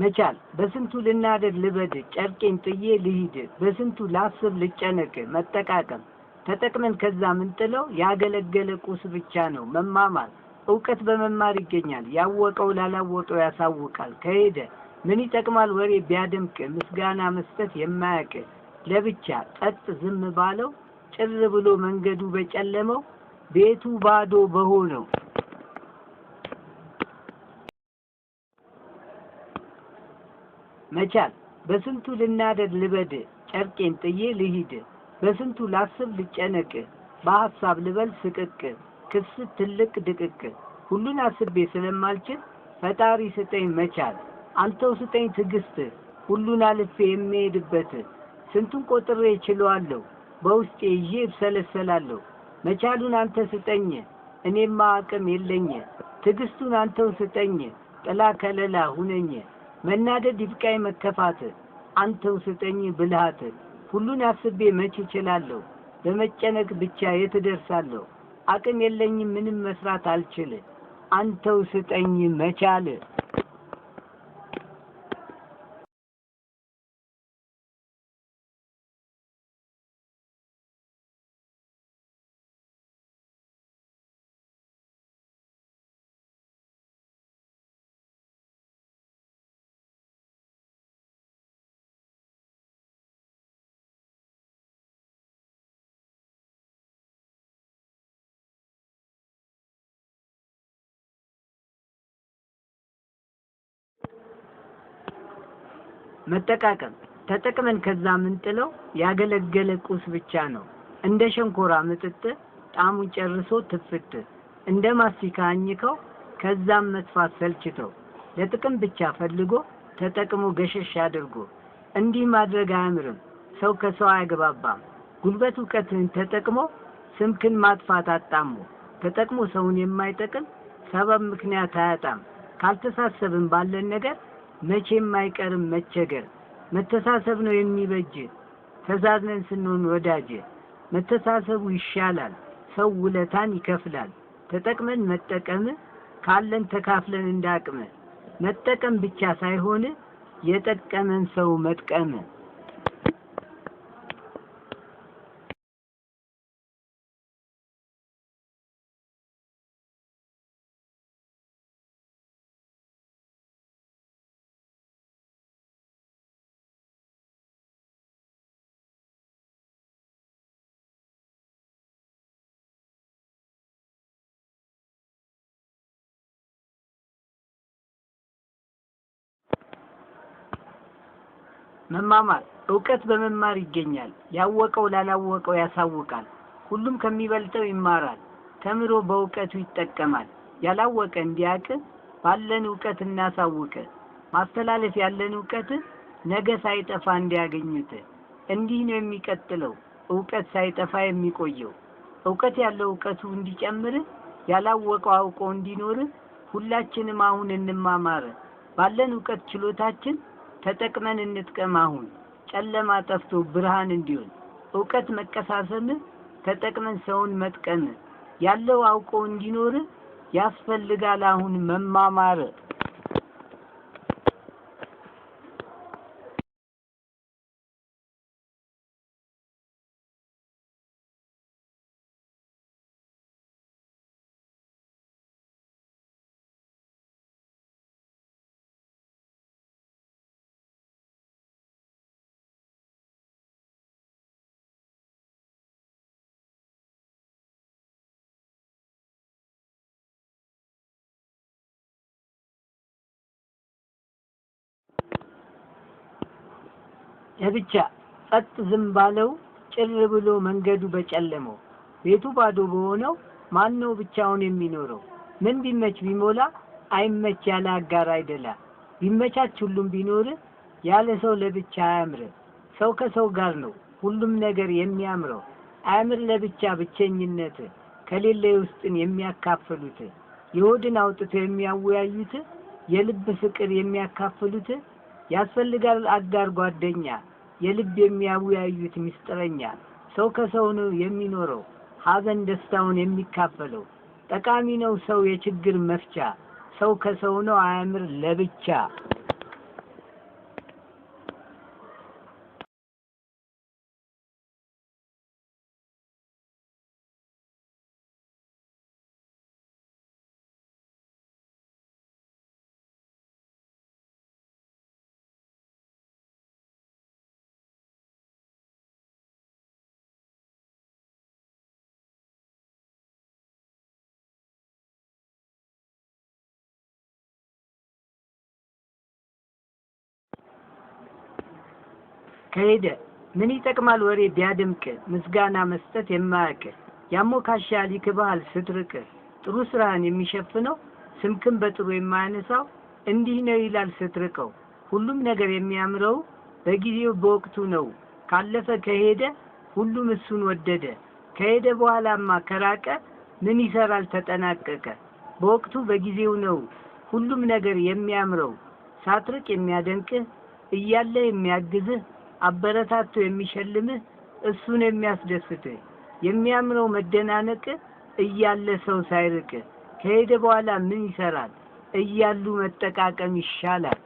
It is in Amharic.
መቻል በስንቱ ልናደድ ልበድ ጨርቄን ጥዬ ልሂድ በስንቱ ላስብ ልጨነቅ መጠቃቀም ተጠቅመን ከዛ ምንጥለው ያገለገለ ቁስ ብቻ ነው መማማር እውቀት በመማር ይገኛል ያወቀው ላላወቀው ያሳውቃል ከሄደ ምን ይጠቅማል ወሬ ቢያደምቅ ምስጋና መስጠት የማያቅ ለብቻ ጠጥ ዝም ባለው ጭር ብሎ መንገዱ በጨለመው ቤቱ ባዶ በሆነው መቻል በስንቱ ልናደድ ልበድ ጨርቄን ጥዬ ልሂድ በስንቱ ላስብ ልጨነቅ በሀሳብ ልበል ስቅቅ ክስት ትልቅ ድቅቅ ሁሉን አስቤ ስለማልችል ፈጣሪ ስጠኝ መቻል አንተው ስጠኝ ትዕግስት ሁሉን አልፌ የሚሄድበት ስንቱን ቆጥሬ ችለዋለሁ በውስጤ ይዤ እብሰለሰላለሁ መቻሉን አንተ ስጠኝ እኔማ አቅም የለኝ ትዕግስቱን አንተው ስጠኝ ጥላ ከለላ ሁነኝ መናደድ ይብቃኝ መከፋት፣ አንተው ስጠኝ ብልሃት። ሁሉን አስቤ መች እችላለሁ? በመጨነቅ ብቻ የት እደርሳለሁ? አቅም የለኝም ምንም መስራት አልችል። አንተው ስጠኝ መቻል መጠቃቀም ተጠቅመን ከዛ ምንጥለው ያገለገለ ቁስ ብቻ ነው። እንደ ሸንኮራ ምጥጥ ጣዕሙን ጨርሶ ትፍት እንደ ማስቲካ አኝከው ከዛም መጥፋት ሰልችተው ለጥቅም ብቻ ፈልጎ ተጠቅሞ ገሸሽ አድርጎ እንዲህ ማድረግ አያምርም። ሰው ከሰው አያግባባም። ጉልበት እውቀትን ተጠቅሞ ስምክን ማጥፋት አጣሙ ተጠቅሞ ሰውን የማይጠቅም ሰበብ ምክንያት አያጣም። ካልተሳሰብን ባለን ነገር መቼም አይቀርም መቸገር፣ መተሳሰብ ነው የሚበጅ። ተዛዝነን ስንሆን ወዳጅ መተሳሰቡ ይሻላል፣ ሰው ውለታን ይከፍላል። ተጠቅመን መጠቀም ካለን ተካፍለን እንዳቅመ መጠቀም ብቻ ሳይሆን የጠቀመን ሰው መጥቀም መማማር እውቀት በመማር ይገኛል። ያወቀው ላላወቀው ያሳውቃል። ሁሉም ከሚበልጠው ይማራል። ተምሮ በእውቀቱ ይጠቀማል። ያላወቀ እንዲያውቅ ባለን እውቀት እናሳውቅ። ማስተላለፍ ያለን እውቀት ነገ ሳይጠፋ እንዲያገኙት። እንዲህ ነው የሚቀጥለው እውቀት ሳይጠፋ የሚቆየው። እውቀት ያለው እውቀቱ እንዲጨምር፣ ያላወቀው አውቆ እንዲኖር ሁላችንም አሁን እንማማር። ባለን እውቀት ችሎታችን ተጠቅመን እንጥቀም። አሁን ጨለማ ጠፍቶ ብርሃን እንዲሆን እውቀት መቀሳሰም ተጠቅመን ሰውን መጥቀም ያለው አውቆ እንዲኖር ያስፈልጋል አሁን መማማር ለብቻ ጸጥ ዝም ባለው ጭር ብሎ መንገዱ በጨለመው ቤቱ ባዶ በሆነው ማን ነው ብቻውን የሚኖረው? ምን ቢመች ቢሞላ አይመች ያለ አጋር አይደላ። ቢመቻች ሁሉም ቢኖር ያለ ሰው ለብቻ አያምር። ሰው ከሰው ጋር ነው ሁሉም ነገር የሚያምረው። አያምር ለብቻ ብቸኝነት ከሌለ ውስጥን የሚያካፍሉት የሆድን አውጥተው የሚያወያዩት የልብ ፍቅር የሚያካፍሉት ያስፈልጋል አጋር ጓደኛ፣ የልብ የሚያወያዩት ምስጢረኛ፣ ሰው ከሰው ነው የሚኖረው፣ ሀዘን ደስታውን የሚካፈለው። ጠቃሚ ነው ሰው የችግር መፍቻ፣ ሰው ከሰው ነው አያምር ለብቻ። ከሄደ ምን ይጠቅማል ወሬ ቢያደምቅ ምስጋና መስጠት የማያቅህ ያሞካሻል ይክብሃል ስትርቅህ ጥሩ ስራህን የሚሸፍነው ስምክን በጥሩ የማያነሳው እንዲህ ነው ይላል ስትርቀው ሁሉም ነገር የሚያምረው በጊዜው በወቅቱ ነው ካለፈ ከሄደ ሁሉም እሱን ወደደ ከሄደ በኋላማ ከራቀ ምን ይሰራል ተጠናቀቀ በወቅቱ በጊዜው ነው ሁሉም ነገር የሚያምረው ሳትርቅ የሚያደንቅህ እያለ የሚያግዝህ አበረታቶ የሚሸልምህ እሱን የሚያስደስትህ የሚያምነው መደናነቅ እያለ ሰው ሳይርቅ ከሄደ በኋላ ምን ይሰራል እያሉ መጠቃቀም ይሻላል።